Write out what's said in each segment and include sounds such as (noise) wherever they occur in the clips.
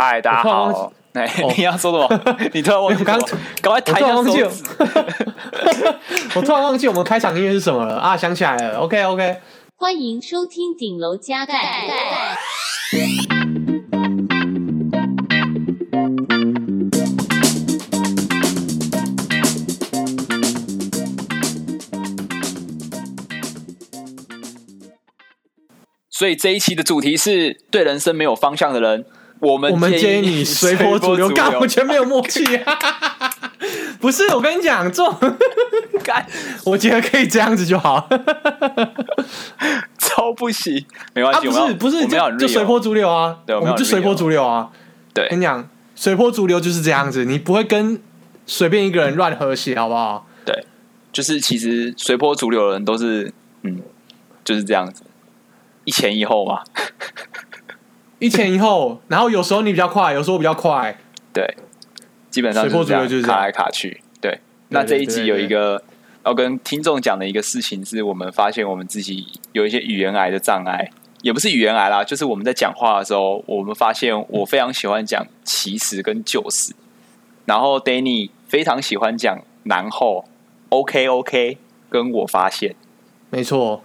嗨，大家好！哎、欸，你要說什麼？哦、你突然忘記什麼？ (laughs) 沒有我剛，趕快彈一下手指，我突然忘記我， (laughs) (laughs) 我突然忘記我們開場音樂是什麼了啊！想起來了，OK OK。歡迎收聽頂樓加蓋。所以這一期的主題是對人生沒有方向的人。我們建議你隨波逐流，完全沒有默契啊！ (laughs) (laughs) 不是我跟你講，做， (laughs) 我覺得可以這樣子就好， (laughs) 超不行，沒關係、啊，不是不是這樣，就隨波逐流啊，對，我我們就隨波逐流啊，對，跟你講，隨波逐流就是這樣子，你不會跟隨便一個人亂和諧，好不好？對，就是其實隨波逐流的人都是，嗯，就是這樣子，一前一後吧。 (laughs) 一前一後， (laughs) 然後有時候你比較快，有時候我比較快，對，基本上隨波逐流就是這樣卡來卡去。對，對，對，對，對，對，對，那這一集有一個要、哦、跟聽眾講的一個事情是，我們發現我們自己有一些語言癌的障礙，也不是語言癌啦，就是我們在講話的時候，我們發現我非常喜歡講其實跟就是、是嗯，然後 Danny 非常喜歡講然後 OK OK，跟我發現，沒錯，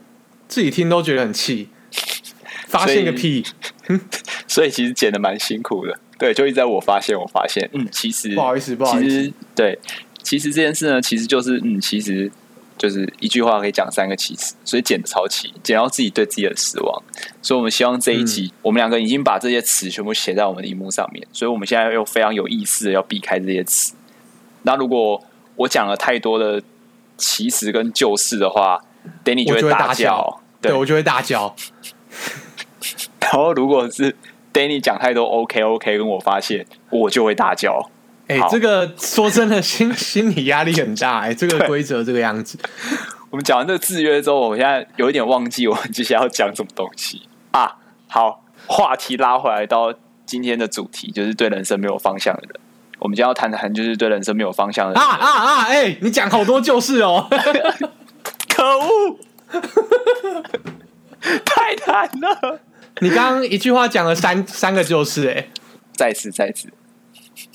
自己聽都覺得很氣，發現個屁。 (laughs) (laughs) 所以其實剪得蠻辛苦的，對，就一直在我發現，我發現，嗯，嗯，其實不好意思，其實對，其實這件事呢，其實就是，嗯，其實就是一句話可以講三個其實，所以剪得超起，剪到自己對自己的失望。所以，我們希望這一集，我們兩個已經把這些詞全部寫在我們的熒幕上面，所以我們現在又非常有意思的要避開這些詞。那如果我講了太多的其實跟就是的話，等你就會大叫，對我就會大叫。 (laughs) 然後，如果是 Danny 講太多 OK OK，跟我發現，我就會大叫。哎、欸，這個說真的心，心 (laughs) 心理壓力很大。哎、欸，這個規則這個樣子，我們講完這個制約之後，我現在有一點忘記我們接下來要講什麼東西啊。好，話題拉回來到今天的主題，就是對人生沒有方向的人。我們今天要談談就是對人生沒有方向的人啊啊啊！哎、啊啊欸，你講好多就是哦， (laughs) 可惡， (laughs) 太難了。你剛剛一句話講了三三個就是哎、欸，再次再次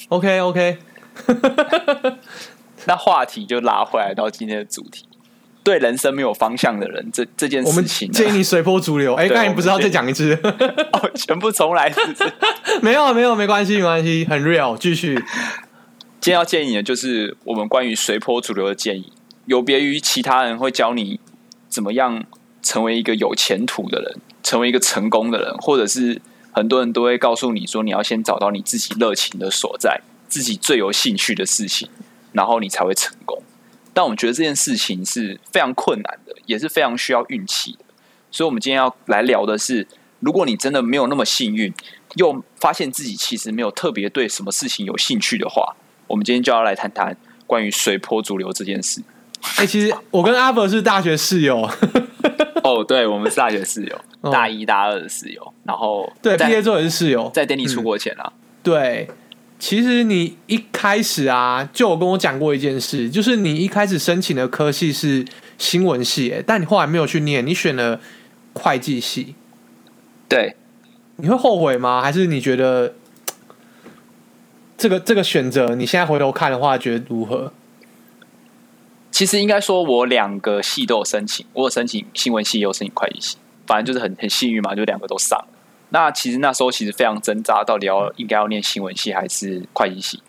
OK，OK (laughs) 那話題就拉回來到今天的主題，對人生沒有方向的人，這這件事情、啊、我們建議你隨波逐流。哎，剛才你不知道再講一次， (laughs) 哦，全部重來一次 (laughs) (laughs) 沒，沒有沒有沒關係沒關係，很 real，繼續。今天要建議你的就是我們關於隨波逐流的建議，有別於其他人會教你怎麼樣成為一個有前途的人。成為一個成功的人，或者是很多人都會告訴你說，你要先找到你自己熱情的所在，自己最有興趣的事情，然後你才會成功。但我們覺得這件事情是非常困難的，也是非常需要運氣的。所以，我們今天要來聊的是，如果你真的沒有那麼幸運，又發現自己其實沒有特別對什麼事情有興趣的話，我們今天就要來談談關於隨波逐流這件事。哎、欸，其實我跟阿伯是大學室友，哦、oh，對，我們是大學室友， (laughs) 大一、大二的室友。然後，對，畢業之後也是室友，在帶你出國前啊、嗯。對，其實你一開始啊，就有跟我講過一件事，就是你一開始申請的科系是新聞系，但你後來沒有去念，你選了會計系。對，你會後悔嗎？還是你覺得這個這個選擇，你現在回頭看的話，覺得如何？其實應該說，我兩個系都有申請，我有申請新聞系，也有申請會計系。反正就是很很幸運嘛，就兩個都上了。那其實那時候其實非常掙扎，到底要應該要念新聞系還是會計系？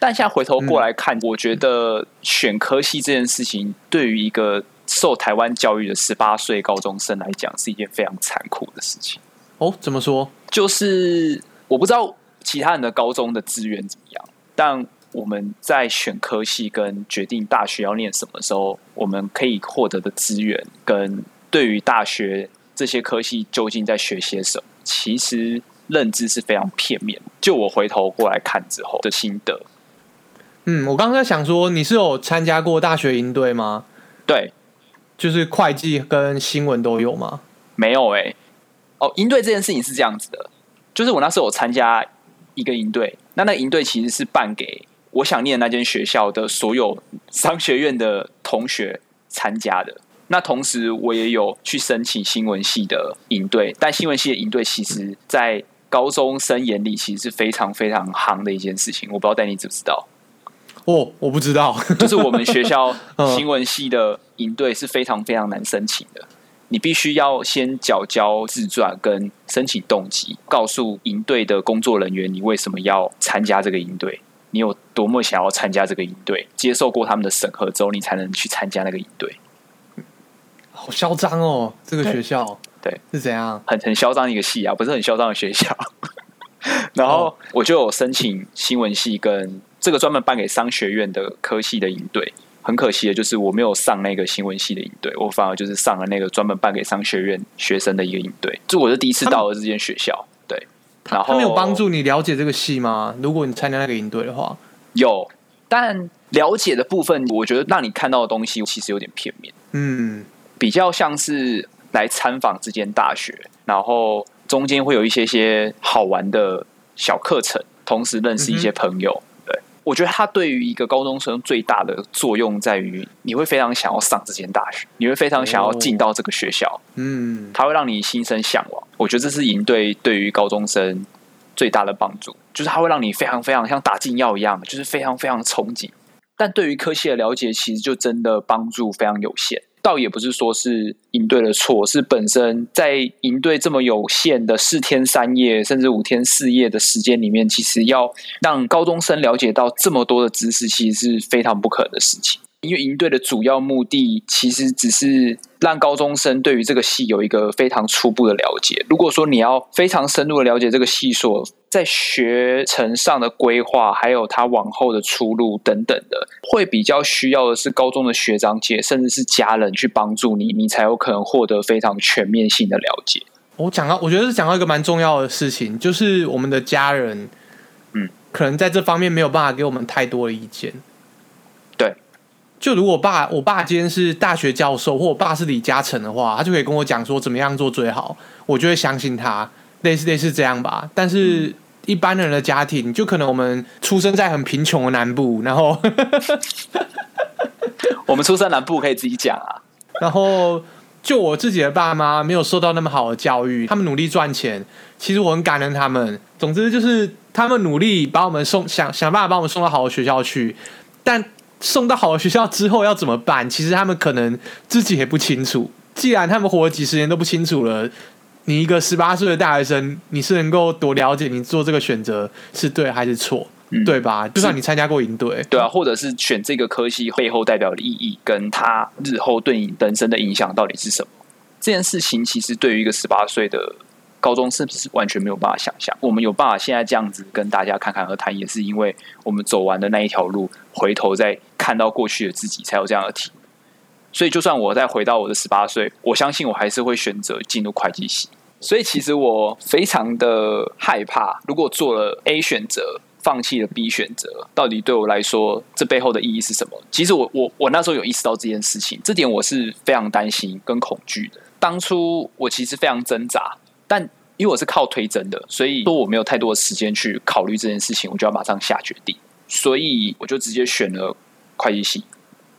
但現在回頭過來看，嗯，我覺得選科系這件事情，對於一個受台灣教育的十八歲高中生來講，是一件非常殘酷的事情。哦，怎麼說？就是我不知道其他人的高中的資源怎麼樣，但。我們在選科系跟決定大學要念什麼時候，我們可以獲得的資源跟對於大學這些科系究竟在學些什麼，其實認知是非常片面。就我回頭過來看之後的心得，嗯，我剛剛在想說你是有參加過大學營隊嗎？對，就是會計跟新聞都有嗎？沒有哎、欸，哦，營隊這件事情是這樣子的，就是我那時候有參加一個營隊，那那營隊其實是辦給。我想念那間學校的所有商學院的同學參加的。那同時，我也有去申請新聞系的營隊。但新聞系的營隊其實，在高中生眼裡，其實是非常非常行的一件事情。我不知道，但你知不知道？哦，我不知道。就是我們學校新聞系的營隊是非常非常難申請的。你必須要先繳交自傳跟申請動機，告訴營隊的工作人員你為什麼要參加這個營隊。你有多麼想要參加這個營隊，接受過他們的審核之後，你才能去參加那個營隊。好囂張哦，這個學校，對，對，是怎樣？很很囂張一個系啊，不是很囂張的學校。 (laughs) 然後我就有申請新聞系跟這個專門辦給商學院的科系的營隊。很可惜的就是我沒有上那個新聞系的營隊，我反而就是上了那個專門辦給商學院學生的一個營隊。就我是第一次到了這間學校。他有幫助你了解這個系嗎？如果你參加那個營隊的話？有，但了解的部分，我覺得讓你看到的東西其實有點片面，嗯，比較像是來參訪這間大學，然後中間會有一些些好玩的小課程，同時認識一些朋友。嗯我覺得它對於一個高中生最大的作用在於，你會非常想要上這間大學，你會非常想要進到這個學校，哦，嗯，它會讓你心生向往。我覺得這是營隊對於高中生最大的幫助，就是它會讓你非常非常像打禁藥一樣，就是非常非常憧憬。但對於科系的了解，其實就真的幫助非常有限。倒也不是說是營隊的錯，是本身在營隊這麼有限的四天三夜，甚至五天四夜的時間裡面，其實要讓高中生了解到這麼多的知識，其實是非常不可的事情。因為營隊的主要目的，其實只是讓高中生對於這個系有一個非常初步的了解。如果說你要非常深入的了解這個系所在學程上的規劃，還有他往後的出路等等的，會比較需要的是高中的學長姐，甚至是家人去幫助你，你才有可能獲得非常全面性的了解。我講到，我覺得是講到一個蠻重要的事情，就是我們的家人，嗯，可能在這方面沒有辦法給我們太多的意見。就如果爸，我爸今天是大學教授，或我爸是李嘉誠的話，他就可以跟我講說怎麼樣做最好，我就會相信他，類似類似這樣吧。但是、嗯、一般人的家庭，就可能我們出生在很貧窮的南部，然後 (laughs) (laughs) 我們出生南部可以自己講啊。然後就我自己的爸媽沒有受到那麼好的教育，他們努力賺錢，其實我很感恩他們。總之就是他們努力把我們送，想想辦法把我們送到好的學校去，但。送到好的學校之後要怎麼辦？其實他們可能自己也不清楚。既然他們活了幾十年都不清楚了，你一個十八歲的大學生，你是能夠多了解你做這個選擇是對還是錯、嗯，對吧？就算你參加過營隊、嗯，對啊，或者是選這個科系背後代表的意義，跟他日後對你人生的影響到底是什麼？這件事情其實對於一個十八歲的。高中是不是完全沒有辦法想象？我們有辦法現在這樣子跟大家侃侃而談，也是因為我們走完的那一條路，回頭再看到過去的自己，才有這樣的題目。所以，就算我再回到我的十八歲，我相信我還是會選擇進入會計系。所以，其實我非常的害怕，如果做了 A 選擇，放棄了 B 選擇，到底對我來說，這背後的意義是什麼？其實我，我我我那時候有意識到這件事情，這點我是非常擔心跟恐懼的。當初我其實非常掙扎，但。因為我是靠推真甄的，所以說我沒有太多的時間去考慮這件事情，我就要馬上下決定，所以我就直接選了會計系。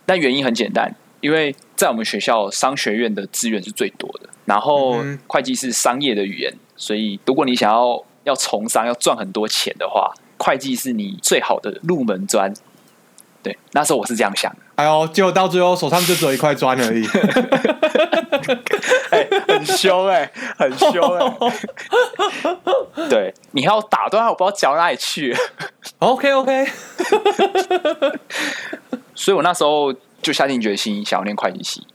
但原因很簡單，因為在我們學校商學院的資源是最多的，然後會計是商業的語言，所以如果你想要要從商要賺很多錢的話，會計是你最好的入門磚。對，那時候我是這樣想的。哎呦，結果到最後手上就只有一塊磚而已，哎、 (laughs) (laughs) 欸，很兇哎、欸，很兇哎、欸。 (laughs) 對，你還要打斷我不知道腳哪裡去。OK OK。 (laughs) 所以我那時候就下定決心想要念會計系，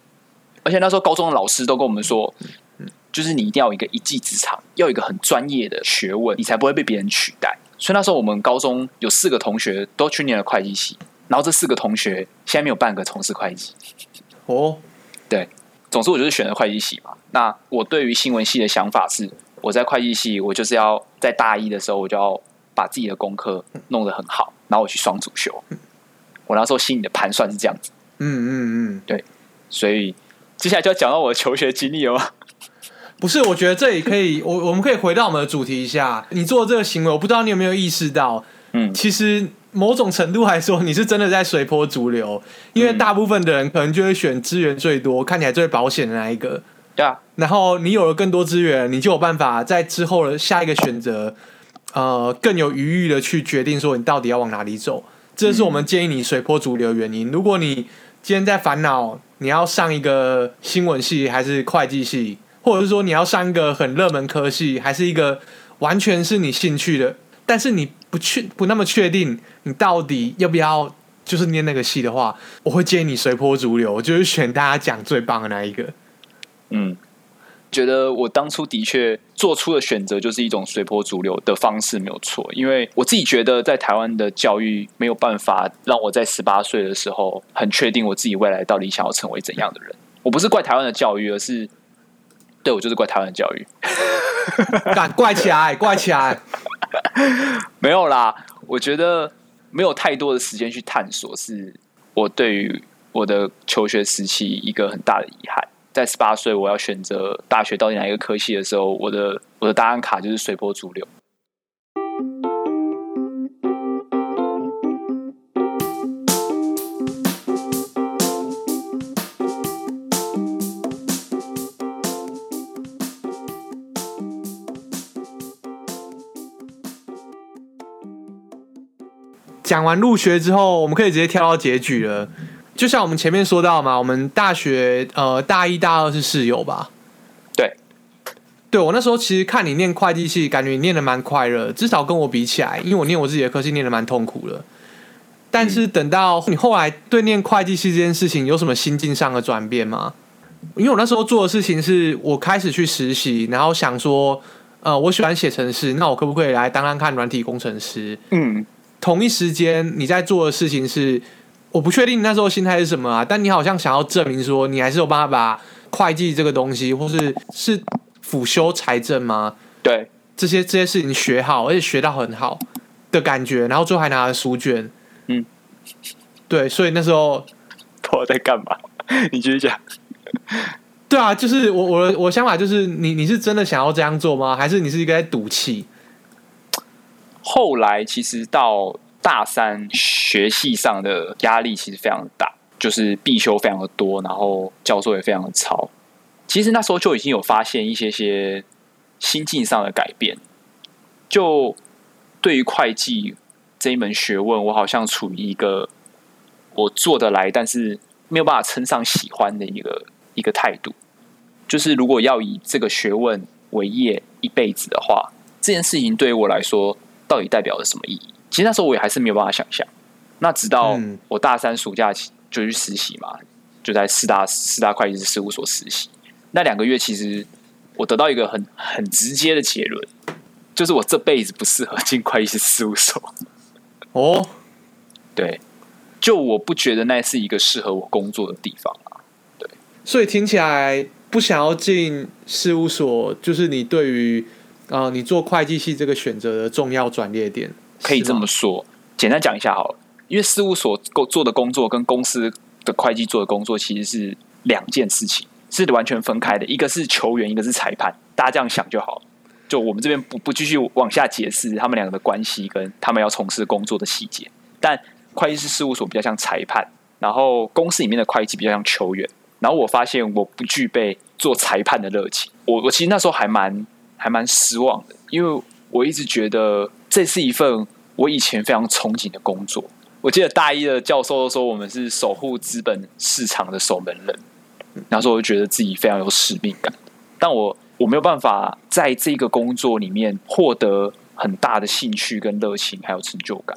而且那時候高中的老師都跟我們說，嗯嗯、就是你一定要有一個一技之長，要有一個很專業的學問，你才不會被別人取代。所以那時候我們高中有四個同學都去念了會計系。然後這四個同學現在，沒有半個從事會計哦。對，總之我就是選了會計系嘛。那我對於新聞系的想法是，我在會計系，我就是要在大一的時候，我就要把自己的功課弄得很好，然後我去雙主修。我那時候心裡的盤算是這樣子，嗯嗯嗯，對。所以接下來就要講到我的求學經歷了哦。不是，我覺得這也可以，我我們可以回到我們的主題一下。你做這個行為，我不知道你有沒有意識到，嗯，其實。某種程度來說，你是真的在隨波逐流，因為大部分的人可能就會選資源最多、看起來最保險的那一個。對啊，然後你有了更多資源，你就有辦法在之後的下一個選擇，呃，更有餘裕的去決定說你到底要往哪裡走。這是我們建議你隨波逐流的原因。如果你今天在煩惱你要上一個新聞系還是會計系，或者是說你要上一個很熱門科系，還是一個完全是你興趣的，但是你。不確不那麼確定，你到底要不要就是念那個系的話，我會建議你隨波逐流，我就是選大家講最棒的那一個。嗯，覺得我當初的確做出的選擇就是一種隨波逐流的方式，沒有錯。因為我自己覺得在台灣的教育沒有辦法讓我在十八歲的時候很確定我自己未來到底想要成為怎樣的人。嗯、我不是怪台灣的教育，而是對，我就是怪台灣的教育，敢 (laughs) 怪起來，怪起來。 (laughs) (laughs) 沒有啦，我覺得沒有太多的時間去探索，是我對於我的求學時期一個很大的遺憾。在十八歲，我要選擇大學到底哪一個科系的時候，我的我的答案卡就是隨波逐流。講完入學之後，我們可以直接跳到結局了。就像我們前面說到嘛，我們大學呃大一大二是室友吧。對，對我那時候其實看你念會計系，感覺你念的蠻快樂，至少跟我比起來，因為我念我自己的科系念的蠻痛苦的。但是等到你後來對念會計系這件事情有什麼心境上的轉變嗎？因為我那時候做的事情是，我開始去實習，然後想說，呃，我喜歡寫程式，那我可不可以來當當看軟體工程師？嗯。同一時間，你在做的事情是，我不確定你那時候心態是什麼啊，但你好像想要證明說，你還是有辦法把會計這個東西，或是是輔修財政嗎？對，這些這些事情學好，而且學到很好的感覺，然後最後還拿了書卷，嗯，對，所以那時候我在幹嘛，你繼續講。 (laughs) 對啊，就是我我的我的想法就是你，你你是真的想要這樣做嗎？還是你是一個在賭氣？後來其實到大三，學系上的壓力其實非常大，就是必修非常的多，然後教授也非常的超。其實那時候就已經有發現一些些心境上的改變，就對於會計這一門學問，我好像處於一個我做得來，但是沒有辦法稱上喜歡的一個一個態度。就是如果要以這個學問為業一輩子的話，這件事情對於我來說，到底代表了什麼意義？其實那時候我也還是沒有辦法想象。那直到我大三暑假就去實習嘛，就在四大四大會計師事務所實習。那兩個月，其實我得到一個很很直接的結論，就是我這輩子不適合進會計師事務所。哦， (laughs) 對，就我不覺得那是一個適合我工作的地方啊。對，所以聽起來不想要進事務所，就是你對於。呃、uh，你做會計系這個選擇的重要轉捩點，可以這麼說。簡單講一下好了，因為事務所做做的工作跟公司的會計做的工作其實是兩件事情，是完全分開的。一個是球員，一個是裁判，大家這樣想就好。就我們這邊不不繼續往下解釋他們兩個的關係跟他們要從事工作的細節。但會計師事務所比較像裁判，然後公司裡面的會計比較像球員。然後我發現我不具備做裁判的熱情，我我其實那時候還蠻。還蠻失望的，因為我一直覺得這是一份我以前非常憧憬的工作。我記得大一的教授都說，我們是守護資本市場的守門人，那時候我就覺得自己非常有使命感。但我我沒有辦法在這個工作裡面獲得很大的興趣跟熱情，還有成就感。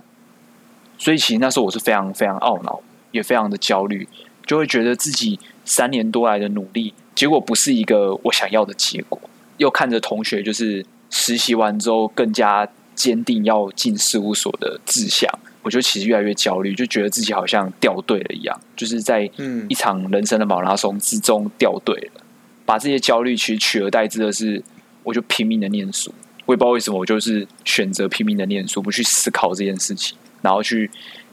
所以，其實那時候我是非常非常懊惱，也非常的焦慮，就會覺得自己三年多來的努力，結果不是一個我想要的結果。又看着同學，就是實習完之後更加堅定要進事務所的志向，我覺得其實越來越焦慮，就覺得自己好像掉隊了一樣，就是在一場人生的馬拉松之中掉隊了。把這些焦慮，其實取而代之的是，我就拼命的念書。我也不知道為什麼，我就是選擇拼命的念書，不去思考這件事情，然後去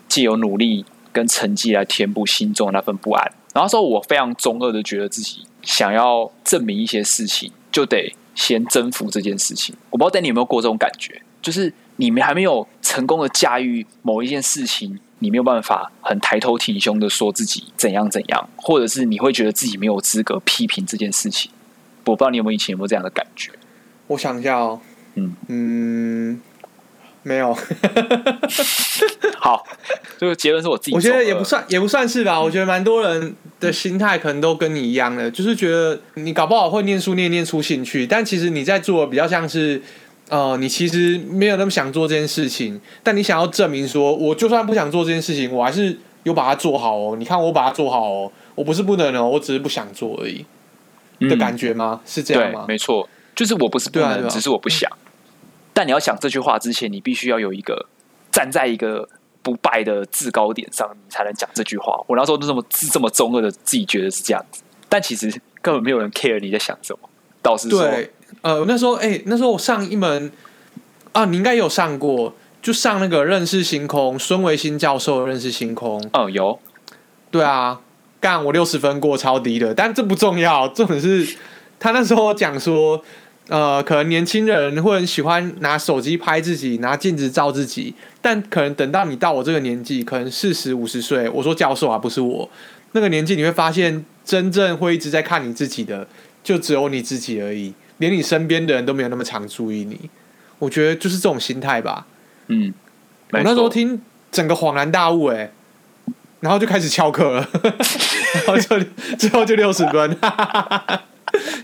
藉由努力跟成績來填補心中的那份不安。然後說，我非常中二的覺得自己想要證明一些事情。就得先徵服這件事情。我不知道 Daniel 你有沒有過這種感覺，就是你們還沒有成功的駕馭某一件事情，你沒有辦法很抬頭挺胸的說自己怎樣怎樣，或者是你會覺得自己沒有資格批評這件事情。我不知道你有沒有以前有沒有這樣的感覺？我想一下哦，嗯，嗯。沒有 (laughs) ，好，這個結論是我自己。我覺得也不算，也不算是吧。嗯、我覺得蠻多人的心態可能都跟你一樣的，就是覺得你搞不好會念書念念出興趣，但其實你在做的比較像是，呃，你其實沒有那麼想做這件事情，但你想要證明說，我就算不想做這件事情，我還是有把它做好哦。你看我把它做好哦，我不是不能哦，我只是不想做而已的感覺嗎？嗯、是這樣嗎？沒錯，就是我不是不能，對啊對啊、只是我不想。嗯但你要想這句話之前，你必須要有一個站在一個不敗的制高點上，你才能講這句話。我那時候就這麼這麼中二的，自己覺得是這樣子。但其實根本沒有人 care 你在想什麼。倒是說，對，呃，那時候，哎、欸，那時候我上一門啊，你應該有上過，就上那個認識星空，孫維新教授認識星空。哦、嗯，有。對啊，幹我六十分過，超低的，但這不重要。重點是他那時候講說。呃，可能年輕人會很喜歡拿手機拍自己，拿鏡子照自己。但可能等到你到我這個年紀，可能四十五十歲，我說教授啊，不是我那個年紀，你會發現真正會一直在看你自己的，就只有你自己而已。連你身邊的人都沒有那麼常注意你。我覺得就是這種心態吧。嗯，沒錯。我那時候聽，整個恍然大悟哎、欸，然後就開始翹課了， (laughs) (laughs) 然後就最後就六十分。 (laughs)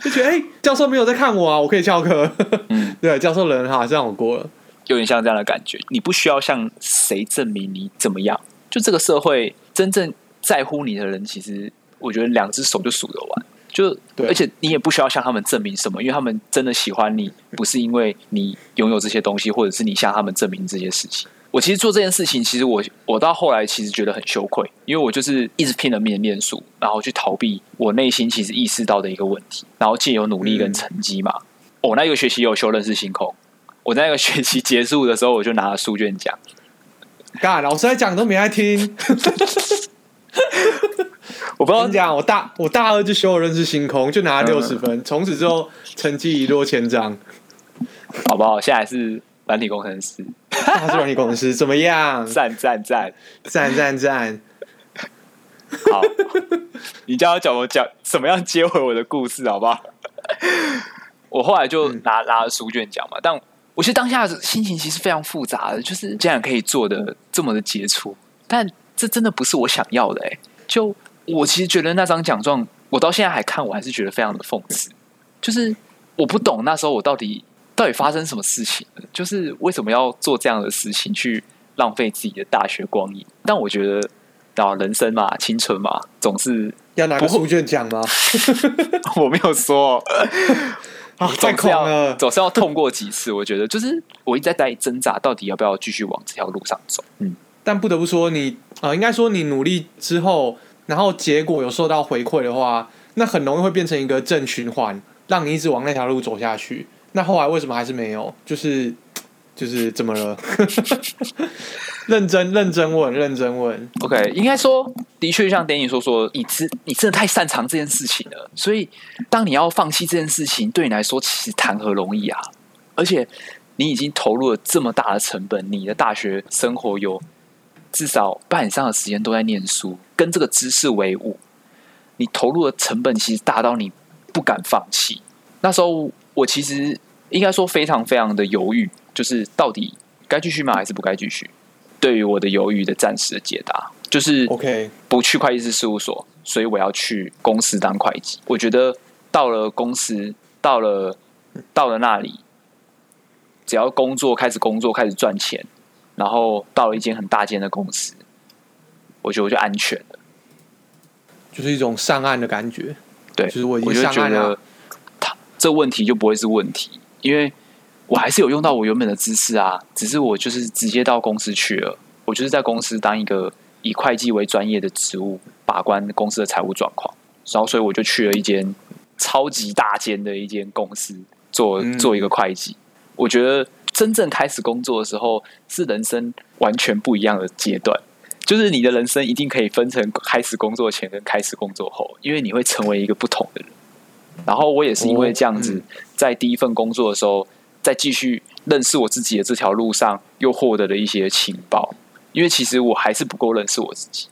就覺得哎、欸，教授沒有在看我啊，我可以翹課 (laughs) 、嗯。對，教授人哈，這樣我過了，有點像這樣的感覺。你不需要向誰證明你怎麼樣，就這個社會真正在乎你的人，其實我覺得兩只手就數得完。就對，而且你也不需要向他們證明什麼，因為他們真的喜歡你，不是因為你擁有這些東西，或者是你向他們證明這些事情。我其實做這件事情，其實我我到後來其實覺得很羞愧，因為我就是一直拼了命的念書然後去逃避我內心其實意識到的一個問題，然後既有努力跟成績嘛。我、嗯 oh, 那一個學期有修認識星空，我那那個學期結束的時候，我就拿了書卷獎幹，God, 老師在講都沒在聽。 (laughs) (laughs) 我不跟你講，我大我大二就修認識星空，就拿了六十分，從、嗯、此之後成績一落千丈。好不好？現在是。軟體工程師，他、 (laughs) 啊、是軟體工程師，怎麼樣？讚讚讚讚讚讚！讚讚讚 (laughs) 好， (laughs) 你教教我講，怎麼樣接回我的故事，好不好？ (laughs) 我後來就拿、嗯、拿了書卷講嘛。但我其實當下心情其實非常複雜的，就是竟然可以做得這麼的傑出，但這真的不是我想要的哎、欸。就我其實覺得那張獎狀，我到現在還看，我還是覺得非常的諷刺、嗯，就是我不懂那時候我到底。到底發生什麼事情？就是為什麼要做這樣的事情，去浪費自己的大學光陰？但我覺得、啊、人生嘛，青春嘛，總是不要拿個書卷獎嗎？我沒有說，啊，總是要，總是要痛過幾次。我覺得，就是我一直在掙扎，到底要不要繼續往這條路上走。嗯，但不得不說你，你、呃、啊，應該說你努力之後，然後結果有受到回饋的話，那很容易會變成一個正循環，讓你一直往那條路走下去。那後來為什麼還是沒有？就是就是怎麼了？ (laughs) 認真認真問，認真問。OK，應該說，的確像電影說說，你知你真的太擅長這件事情了。所以，當你要放棄這件事情，對你來說其實談何容易啊！而且，你已經投入了這麼大的成本，你的大學生活有至少半以上的時間都在念書，跟這個知識為伍，你投入的成本其實大到你不敢放棄。那時候。我其實應該說非常非常的猶豫，就是到底該繼續嗎，還是不該繼續？對於我的猶豫的暫時的解答，就是 OK，不去會計師事務所，所以我要去公司當會計。我覺得到了公司，到了到了那裡，只要工作開始工作，開始賺錢，然後到了一間很大間的公司，我覺得我就安全了，就是一種上岸的感覺。對，就是我已經上岸這問題就不會是問題，因為我還是有用到我原本的知識啊，只是我就是直接到公司去了，我就是在公司當一個以會計為專業的職務，把關公司的財務狀況。然後，所以我就去了一間超級大間的一間公司做做一個會計。嗯。我覺得真正開始工作的時候，是人生完全不一樣的階段，就是你的人生一定可以分成開始工作前跟開始工作後，因為你會成為一個不同的人。然後我也是因為這樣子，在第一份工作的時候，再繼續認識我自己的這條路上，又獲得了一些情報。因為其實我還是不夠認識我自己。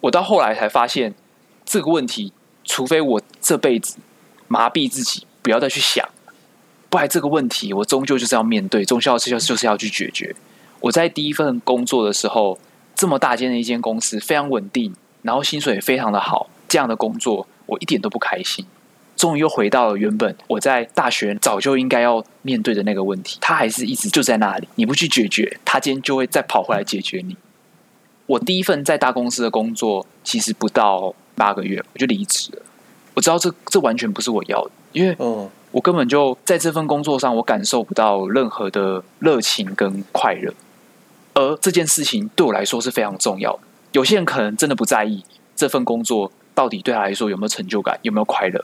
我到後來才發現，這個問題，除非我這輩子麻痹自己，不要再去想，不然這個問題，我終究就是要面對，終究是要就是要去解決。我在第一份工作的時候，這麼大間的一間公司，非常穩定，然後薪水也非常的好，這樣的工作，我一點都不開心。終於又回到了原本我在大學早就應該要面對的那個問題，他還是一直就在那裡。你不去解決，他今天就會再跑回來解決你。我第一份在大公司的工作，其實不到八個月我就離職了。我知道這這完全不是我要的，因為嗯，我根本就在這份工作上，我感受不到任何的熱情跟快樂。而這件事情對我來說是非常重要的。有些人可能真的不在意這份工作到底對他來說有沒有成就感，有沒有快樂。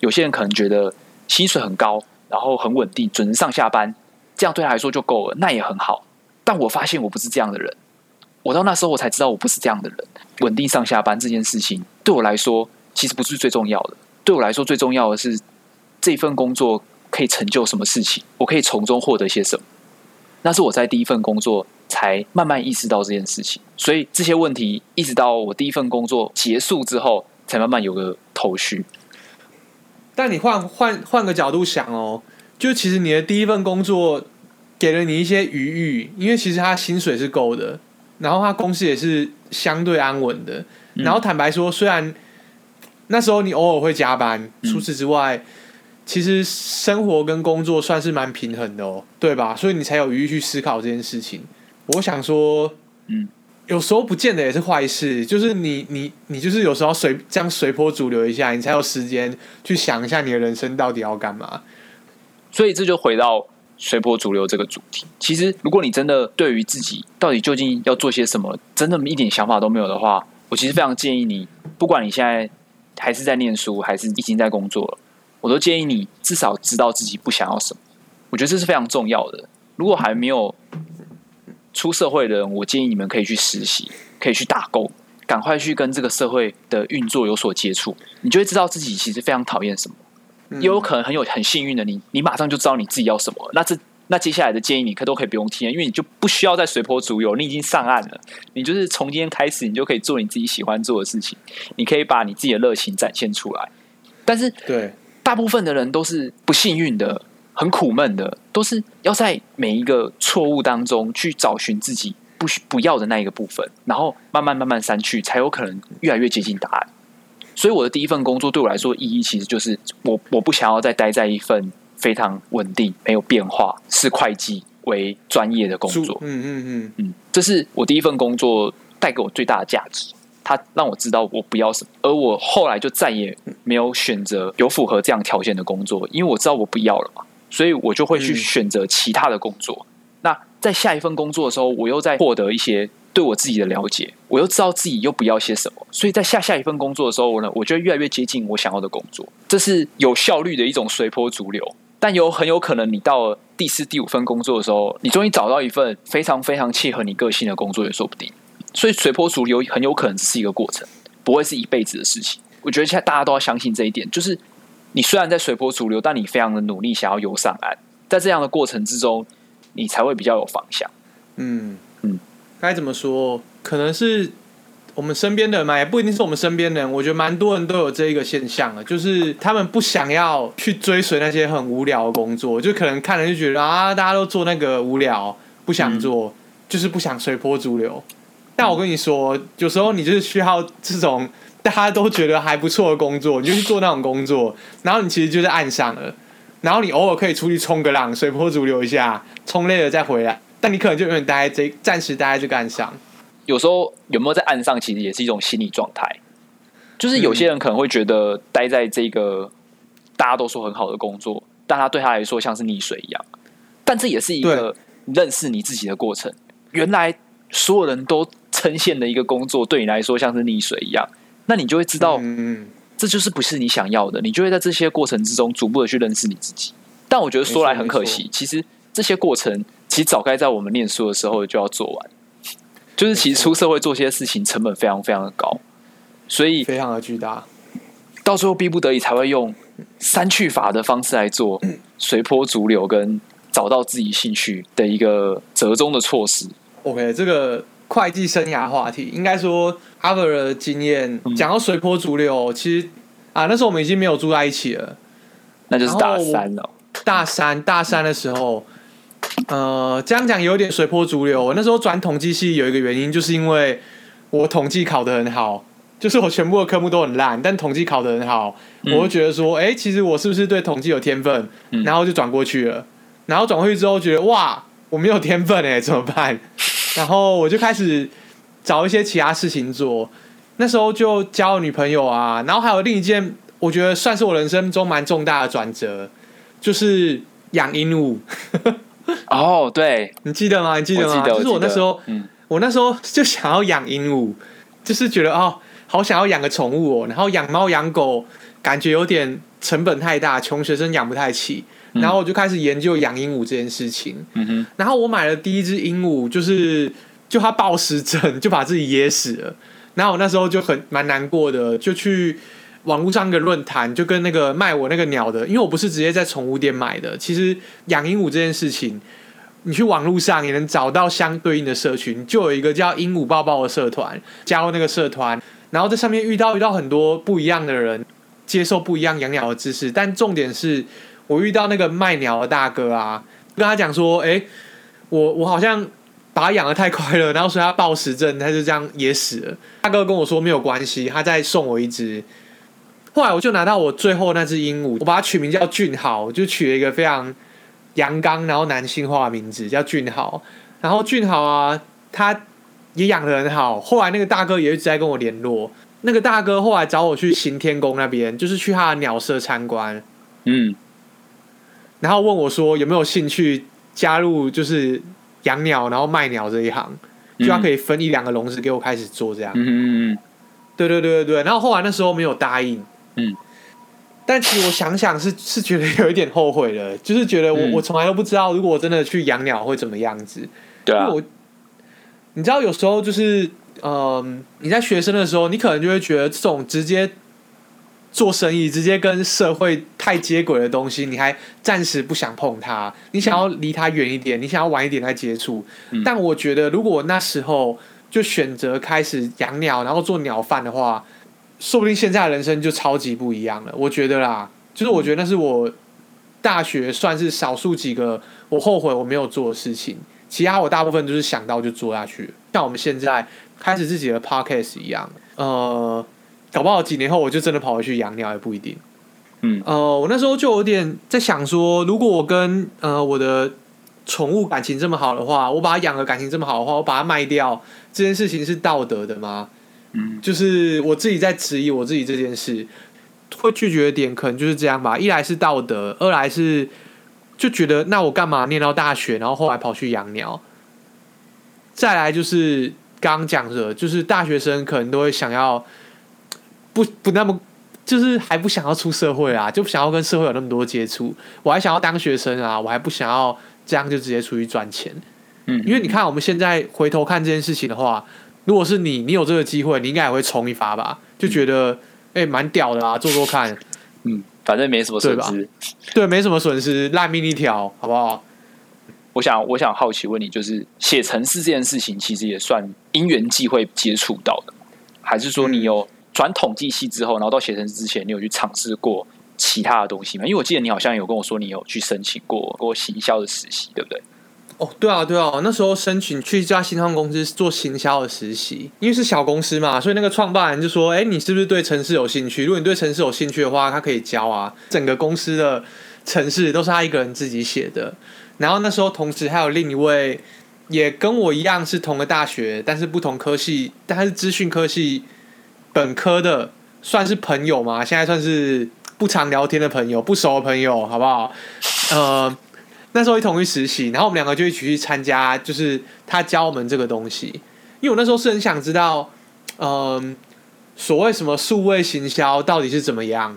有些人可能覺得薪水很高，然後很穩定，準時上下班，這樣對他來說就夠了，那也很好。但我發現我不是這樣的人。我到那時候，我才知道我不是這樣的人。穩定上下班這件事情，對我來說其實不是最重要的。對我來說，最重要的是這份工作可以成就什麼事情，我可以從中獲得些什麼。那是我在第一份工作才慢慢意識到這件事情。所以這些問題，一直到我第一份工作結束之後，才慢慢有個頭緒。但你換換換個角度想哦，就其實你的第一份工作給了你一些餘裕，因為其實他薪水是夠的，然後他公司也是相對安穩的。嗯、然後坦白說，雖然那時候你偶爾會加班，除此之外、嗯，其實生活跟工作算是蠻平衡的哦，對吧？所以你才有餘裕去思考這件事情。我想說，嗯。有時候不見得也是壞事，就是你你你就是有時候隨這樣隨波逐流一下，你才有時間去想一下你的人生到底要幹嘛。所以這就回到隨波逐流這個主題。其實，如果你真的對於自己到底究竟要做些什麼，真的一點想法都沒有的話，我其實非常建議你，不管你現在還是在念書，還是已經在工作了，我都建議你至少知道自己不想要什麼。我覺得這是非常重要的。如果還沒有。出社會的人，我建議你們可以去實習，可以去打工，趕快去跟這個社會的運作有所接觸，你就會知道自己其實非常討厭什麼。也有可能很有很幸運的你，你馬上就知道你自己要什麼。那這那接下來的建議，你可都可以不用聽，因為你就不需要再隨波逐流，你已經上岸了。你就是從今天開始，你就可以做你自己喜歡做的事情，你可以把你自己的熱情展現出來。但是，對大部分的人都是不幸運的。很苦悶的，都是要在每一個錯誤當中去找尋自己不需不要的那一個部分，然後慢慢慢慢刪去，才有可能越來越接近答案。所以我的第一份工作對我來說的意義其實就是我我不想要再待在一份非常穩定、沒有變化、是會計為專業的工作。嗯嗯嗯嗯，這是我第一份工作帶給我最大的價值，它讓我知道我不要什麼，而我後來就再也沒有選擇有符合這樣條件的工作，因為我知道我不要了嘛。所以我就會去選擇其他的工作，嗯。那在下一份工作的時候，我又在獲得一些對我自己的了解，我又知道自己又不要些什麼。所以在下下一份工作的時候呢，我就越來越接近我想要的工作。這是有效率的一種隨波逐流，但有很有可能你到第四、第五份工作的時候，你終於找到一份非常非常契合你個性的工作也說不定。所以隨波逐流很有可能只是一個過程，不會是一輩子的事情。我覺得現在大家都要相信這一點，就是。你雖然在隨波逐流，但你非常的努力，想要游上岸。在這樣的過程之中，你才會比較有方向。嗯嗯，該怎麼說？可能是我們身邊的人嘛，也不一定是我們身邊的人。我覺得蠻多人都有這一個現象的，就是他們不想要去追隨那些很無聊的工作，就可能看了就覺得啊，大家都做那個無聊，不想做，嗯，就是不想隨波逐流。但我跟你說，嗯，有時候你就是需要這種。大家都覺得還不錯的工作，你就去做那種工作。然後你其實就在岸上了，然後你偶爾可以出去衝個浪，隨波逐流一下，衝累了再回來。但你可能就永遠待在這，暫時待在這個岸上。有時候有沒有在岸上，其實也是一種心理狀態。就是有些人可能會覺得待在這個大家都說很好的工作，但他對他來說像是溺水一樣。但這也是一個認識你自己的過程。原來所有人都呈現的一個工作，對你來說像是溺水一樣。那你就會知道嗯嗯嗯，這就是不是你想要的。你就會在這些過程之中逐步的去認識你自己。但我覺得說來很可惜，其實這些過程其實早該在我們念書的時候就要做完。就是其實出社會做些事情成本非常非常的高，所以非常的巨大，到最後逼不得已才會用刪去法的方式來做，隨波逐流跟找到自己興趣的一個折中的措施，嗯。OK，這個。會計生涯話題，應該說阿 Ver 的經驗、嗯，講到隨波逐流，其實啊，那時候我們已經沒有住在一起了，那就是大三了，哦。大三大三的時候，呃，這樣講有點隨波逐流。我那時候轉統計系有一個原因，就是因為我統計考得很好，就是我全部的科目都很爛，但統計考得很好，嗯、我就覺得說，哎，其實我是不是對統計有天分？然後就轉過去了。然後轉過去之後，覺得哇，我沒有天分哎，怎麼辦？然後我就開始找一些其他事情做，那時候就交了女朋友啊，然後還有另一件，我覺得算是我人生中蠻重大的轉折，就是養鸚鵡。哦、 (laughs) oh,，對，你記得嗎？你記得嗎？我記得，我記得，就是我那時候我、嗯，我那時候就想要養鸚鵡，就是覺得哦，好想要養個寵物哦，然後養貓養狗感覺有點成本太大，窮學生養不太起。然後我就開始研究養鸚鵡這件事情。嗯哼。然後我買了第一隻鸚鵡，就是，就是就它暴食症，就把自己噎死了。然後我那時候就很蠻難過的，就去網絡上一個論壇，就跟那個賣我那個鳥的，因為我不是直接在寵物店買的。其實養鸚鵡這件事情，你去網絡上也能找到相對應的社群，就有一個叫鸚鵡抱抱的社團，加入那個社團，然後在上面遇到遇到很多不一樣的人，接受不一樣養鳥的知識，但重點是。我遇到那個賣鳥的大哥啊，跟他講說：“哎、欸，我我好像把它養的太快了，然後說他暴食症，他就這樣也死了。”大哥跟我說沒有關係，他再送我一只。後來我就拿到我最後那只鸚鵡，我把它取名叫俊豪，就取了一個非常陽剛然後男性化的名字叫俊豪。然後俊豪啊，他也養的很好。後來那個大哥也一直在跟我聯絡。那個大哥後來找我去行天宮那邊，就是去他的鳥舍參觀。嗯。然後問我說：“有沒有興趣加入，就是養鳥，然後賣鳥這一行？嗯、就要可以分一兩個籠子給我開始做這樣。”嗯嗯嗯，對對對對對。然後後來那時候沒有答應，嗯。但其實我想想是，是是覺得有一點後悔的，就是覺得我、嗯、我從來都不知道，如果我真的去養鳥會怎麼樣子。對、嗯、啊。因為我，你知道，有時候就是，嗯、呃，你在學生的時候，你可能就會覺得這種直接。做生意直接跟社會太接軌的東西，你還暫時不想碰它，你想要離它遠一點，你想要晚一點再接觸。但我覺得，如果那時候就選擇開始養鳥，然後做鳥飯的話，說不定現在的人生就超級不一樣了。我覺得啦，就是我覺得那是我大學算是少數幾個我後悔我沒有做的事情，其他我大部分就是想到就做下去，像我們現在開始自己的 podcast 一樣，呃。搞不好幾年後我就真的跑回去養鳥也不一定。嗯，呃，我那時候就有點在想說，如果我跟呃我的寵物感情這麼好的話，我把它養了感情這麼好的話，我把它賣掉，這件事情是道德的嗎？嗯，就是我自己在質疑我自己這件事。會拒絕的點可能就是這樣吧，一來是道德，二來是就覺得那我幹嘛念到大學，然後後來跑去養鳥。再來就是剛剛講的，就是大學生可能都會想要。不不那麼，就是還不想要出社會啊，就不想要跟社會有那麼多接觸。我還想要當學生啊，我還不想要這樣就直接出去賺錢。嗯，因為你看我們現在回頭看這件事情的話，如果是你，你有這個機會，你應該也會衝一發吧？就覺得哎、嗯欸，蠻屌的啊，做做看。嗯，反正沒什麼損失對吧，對，沒什麼損失，爛命一條，好不好？我想，我想好奇問你，就是寫程式這件事情，其實也算因緣際會接觸到的，還是說你有、嗯？轉統計系之後，然後到寫程式之前，你有去嘗試過其他的東西嗎？因為我記得你好像有跟我說，你有去申請過過行銷的實習，對不對？哦，對啊，對啊，那時候申請去一家新創公司做行銷的實習，因為是小公司嘛，所以那個創辦人就說：“哎，你是不是對程式有興趣？如果你對程式有興趣的話，他可以教啊。”整個公司的程式都是他一個人自己寫的。然後那時候，同時還有另一位也跟我一樣是同個大學，但是不同科系，但是資訊科系，本科的算是朋友嘛？現在算是不常聊天的朋友，不熟的朋友，好不好？呃，那時候一同去實習，然後我們兩個就一起去參加，就是他教我們這個東西。因為我那時候是很想知道，嗯、呃，所謂什麼數位行銷到底是怎麼樣，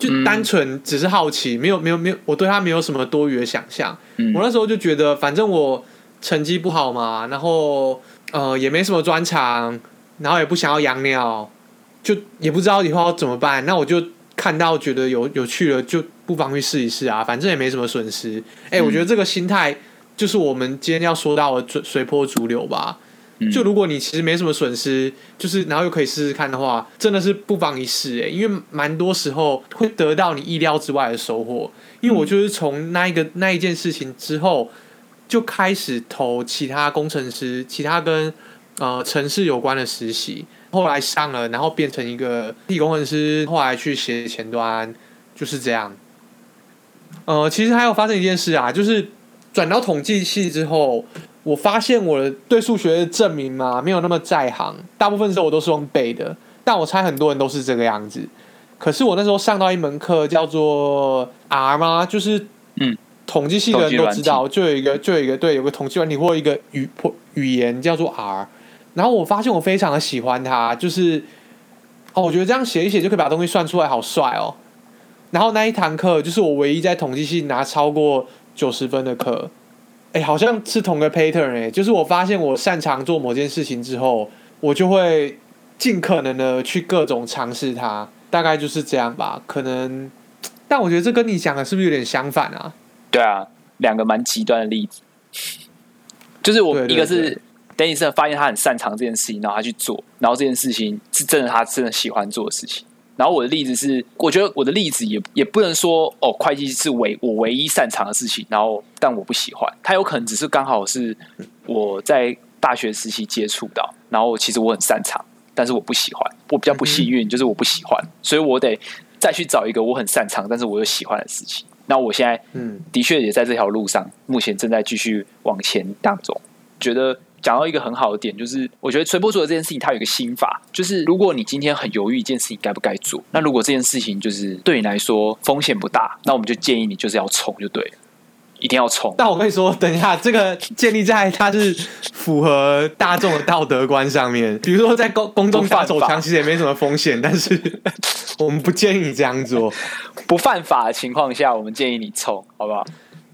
就單純只是好奇，沒有沒有沒有，我對他沒有什麼多餘的想象。我那時候就覺得，反正我成績不好嘛，然後呃也沒什麼專長，然後也不想要養鳥。就也不知道以後要怎麼辦，那我就看到覺得有有趣了，就不妨去試一試啊，反正也沒什麼損失。哎、欸，我覺得這個心態就是我們今天要說到的隨隨波逐流吧。就如果你其實沒什麼損失，就是然後又可以試試看的話，真的是不妨一試哎、欸，因為蠻多時候會得到你意料之外的收穫。因為我就是從那一個那一件事情之後，就開始投其他工程師、其他跟呃程式有關的實習。後來上了，然後變成一個地工程師，後來去寫前端，就是這樣。呃，其實還有發生一件事啊，就是轉到統計系之後，我發現我對數學的證明嘛沒有那麼在行，大部分時候我都是用背的。但我猜很多人都是這個樣子。可是我那時候上到一門課叫做 R 嗎？就是嗯，統計系的人都知道，嗯、就有一個就有一個對有個統計軟體或者一個語、語言叫做 R。然後我發現我非常的喜歡他，就是哦，我覺得這樣寫一寫就可以把東西算出來，好帥哦。然後那一堂課就是我唯一在統計系拿超過九十分的課，哎，好像是同個 pattern 誒，就是我發現我擅長做某件事情之後，我就會盡可能的去各種嘗試它，大概就是這樣吧。可能，但我覺得這跟你講的是不是有點相反啊？對啊，兩個蠻極端的例子，就是我，對對對，一個是。等於是發現他很擅長這件事情，然後他去做，然後這件事情是真的，他真的喜歡做的事情。然後我的例子是，我覺得我的例子也也不能說哦，會計是唯我唯一擅長的事情，然後但我不喜歡他，有可能只是剛好是我在大學時期接觸到。然後其實我很擅長，但是我不喜歡，我比較不幸運，就是我不喜歡，所以我得再去找一個我很擅長，但是我又喜歡的事情。那我現在嗯，的確也在這條路上，目前正在繼續往前當中，覺得。講到一個很好的點，就是我覺得隨波逐流這件事情，它有一個心法，就是如果你今天很猶豫一件事情該不該做，那如果這件事情就是對你來說風險不大，那我們就建議你就是要衝就對，一定要衝。但我跟你說，等一下這個建立在它是符合大眾的道德觀上面，比如說在公公眾打手槍其實也沒什麼風險，但是我們不建議你這樣做。不犯法的情況下，我們建議你衝，好不好？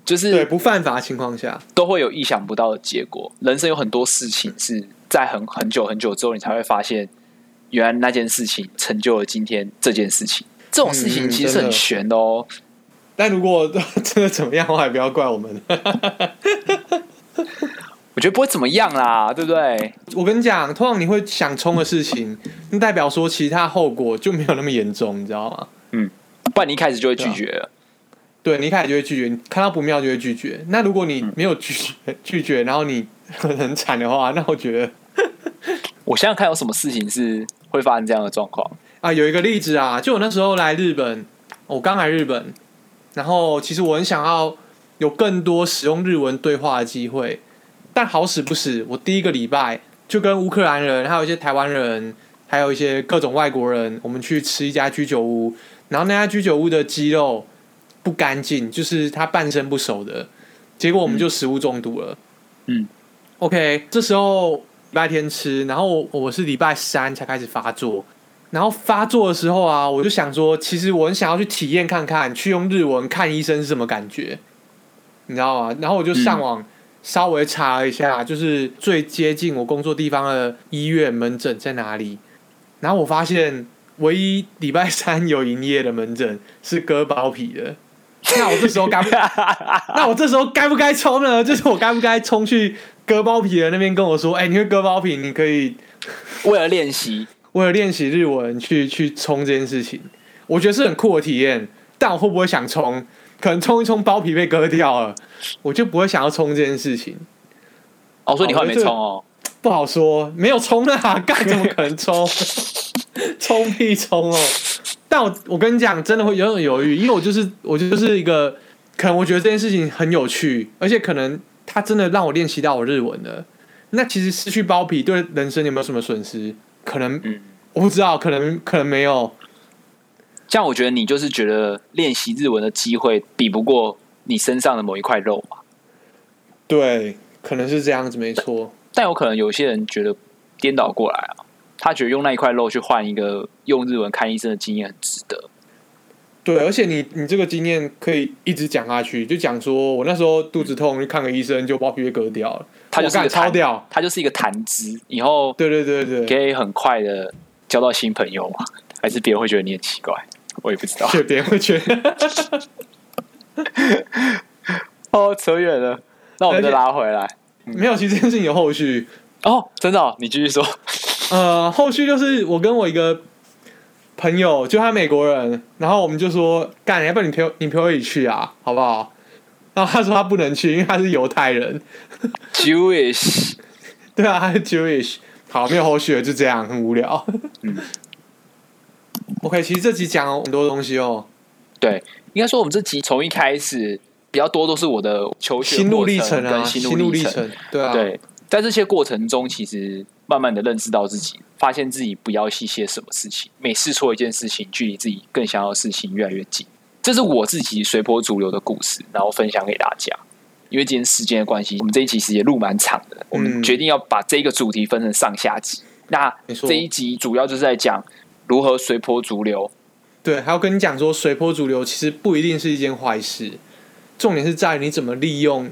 就是不犯法的情況下，都會有意想不到的結果。人生有很多事情是在很很久很久之後，你才會發現，原來那件事情成就了今天這件事情。這種事情其實是很玄的哦，嗯。但如果真的怎麼樣的話，也不要怪我們。 (laughs) 我覺得不會怎麼樣啦，對不對？我跟你講，通常你會想衝的事情， (laughs) 代表說其他後果就沒有那麼嚴重，你知道嗎？嗯，不然你一開始就會拒絕了。對，你一開始就會拒絕，你看到不妙就會拒絕。那如果你沒有拒絕、嗯、拒絕，然後你很慘的話，那我覺得， (laughs) 我現在看有什麼事情是會發生這樣的狀況啊？有一個例子啊，就我那時候來日本，我剛來日本，然後其實我很想要有更多使用日文對話的機會，但好死不死，我第一個禮拜就跟烏克蘭人，還有一些台灣人，還有一些各種外國人，我們去吃一家居酒屋，然後那家居酒屋的雞肉。不乾淨，就是他半生不熟的，結果我們就食物中毒了。嗯，嗯，OK，這時候禮拜天吃，然後我是禮拜三才開始發作，然後發作的時候啊，我就想說，其實我很想要去體驗看看，去用日文看醫生是什麼感覺，你知道嗎？然後我就上網稍微查了一下，嗯、就是最接近我工作地方的醫院門診在哪裡，然後我發現唯一禮拜三有營業的門診是割包皮的。 (laughs) 那我這時候該不該， (laughs) 那我這時候該不該衝呢？就是我該不該衝去割包皮的那邊跟我說，哎、欸，你會割包皮，你可以為了練習，為了練習 (laughs) 日文去去衝這件事情，我覺得是很酷的體驗。但我會不會想衝？可能衝一衝包皮被割掉了，我就不會想要衝這件事情。我、哦、說你還沒衝哦，不好說，沒有衝的啊。幹怎麼可能衝？ (laughs) 沖屁沖哦！但我我跟你講，真的會有點猶豫，因為我就是我就是一個，可能我覺得這件事情很有趣，而且可能他真的讓我練習到我日文了。那其實失去包皮對人生有沒有什麼損失？可能、嗯、我不知道，可能可能沒有。這樣，我覺得你就是覺得練習日文的機會比不過你身上的某一塊肉嘛？對，可能是這樣子，沒錯。但有可能有些人覺得顛倒過來啊。他覺得用那一塊肉去換一個用日文看醫生的經驗很值得。對，而且你你這個經驗可以一直講下去，就講說我那時候肚子痛去、嗯、看個醫生，就包皮被割掉了。他就是超屌，他就是一個談資，以後對對對可以很快的交到新朋友嘛？還是別人會覺得你很奇怪？我也不知道，別人會覺得。 (laughs) (laughs) 哦，扯遠了，那我們再拉回來。嗯、沒有，其實這件事情有後續。哦，真的、哦，你繼續說。呃，後續就是我跟我一個朋友，就他是美國人，然後我們就說，幹，你要不要你陪我，你陪我一起去啊，好不好？然後他說他不能去，因為他是猶太人，Jewish， (laughs) 對啊，他是 Jewish。好，沒有後續了，就這樣，很無聊。嗯 (laughs) OK，其實這集講了很多東西哦。對，應該說我們這集從一開始比較多都是我的求學歷程啊，心路歷程，對啊。在這些過程中，其實慢慢的認識到自己，發現自己不要一些什麼事情。每試錯一件事情，距離自己更想要的事情越來越近。這是我自己隨波逐流的故事，然後分享給大家。因為今天時間的關係，我們這一集其實也錄蠻長的，嗯，我們決定要把這個主題分成上下集。嗯、那這一集主要就是在講如何隨波逐流。對，還要跟你講說，隨波逐流其實不一定是一件壞事，重點是在於你怎麼利用。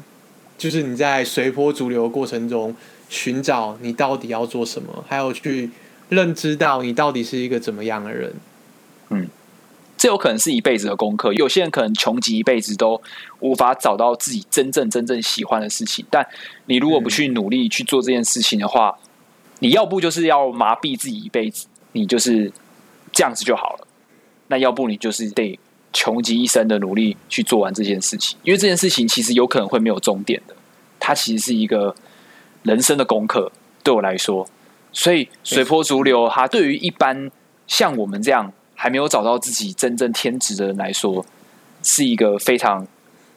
就是你在隨波逐流的過程中尋找你到底要做什麼，還有去認知到你到底是一個怎麼樣的人，嗯，這有可能是一輩子的功課。有些人可能窮極一輩子都無法找到自己真正真正喜歡的事情，但你如果不去努力去做這件事情的話，嗯、你要不就是要麻痹自己一輩子，你就是這樣子就好了。那要不你就是得。窮極一生的努力去做完這件事情，因為這件事情其實有可能會沒有終點的，它其實是一個人生的功課。對我來說，所以隨波逐流，它對於一般像我們這樣還沒有找到自己真正天職的人來說，是一個非常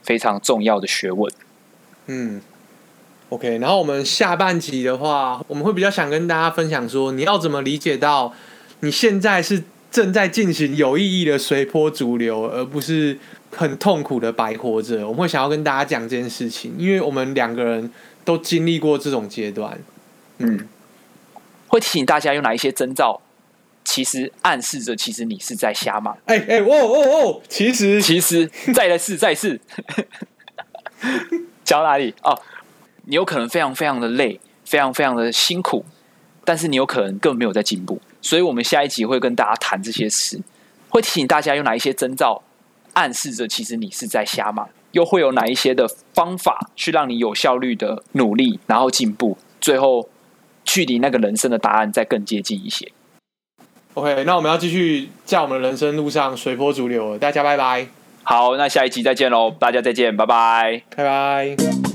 非常重要的學問，嗯。嗯，OK。然後我們下半集的話，我們會比較想跟大家分享說，你要怎麼理解到你現在是正在進行有意義的隨波逐流，而不是很痛苦的白活着。我們會想要跟大家講這件事情，因為我們兩個人都經歷過這種階段嗯。嗯，會提醒大家有哪一些徵兆，其實暗示着其實你是在瞎忙。哎、欸、哎、欸，哦哦哦，其實 (laughs) 其實再來試再試，講到 (laughs) 哪裡？哦，你有可能非常非常的累，非常非常的辛苦，但是你有可能更沒有在進步。所以，我們下一集會跟大家談這些事，會提醒大家有哪一些徵兆暗示着其實你是在瞎忙，又會有哪一些的方法去讓你有效率的努力，然後進步，最後距離那個人生的答案再更接近一些。OK，那我們要繼續在我們的人生路上隨波逐流，大家拜拜。好，那下一集再見嘍，大家再見，拜拜，拜拜。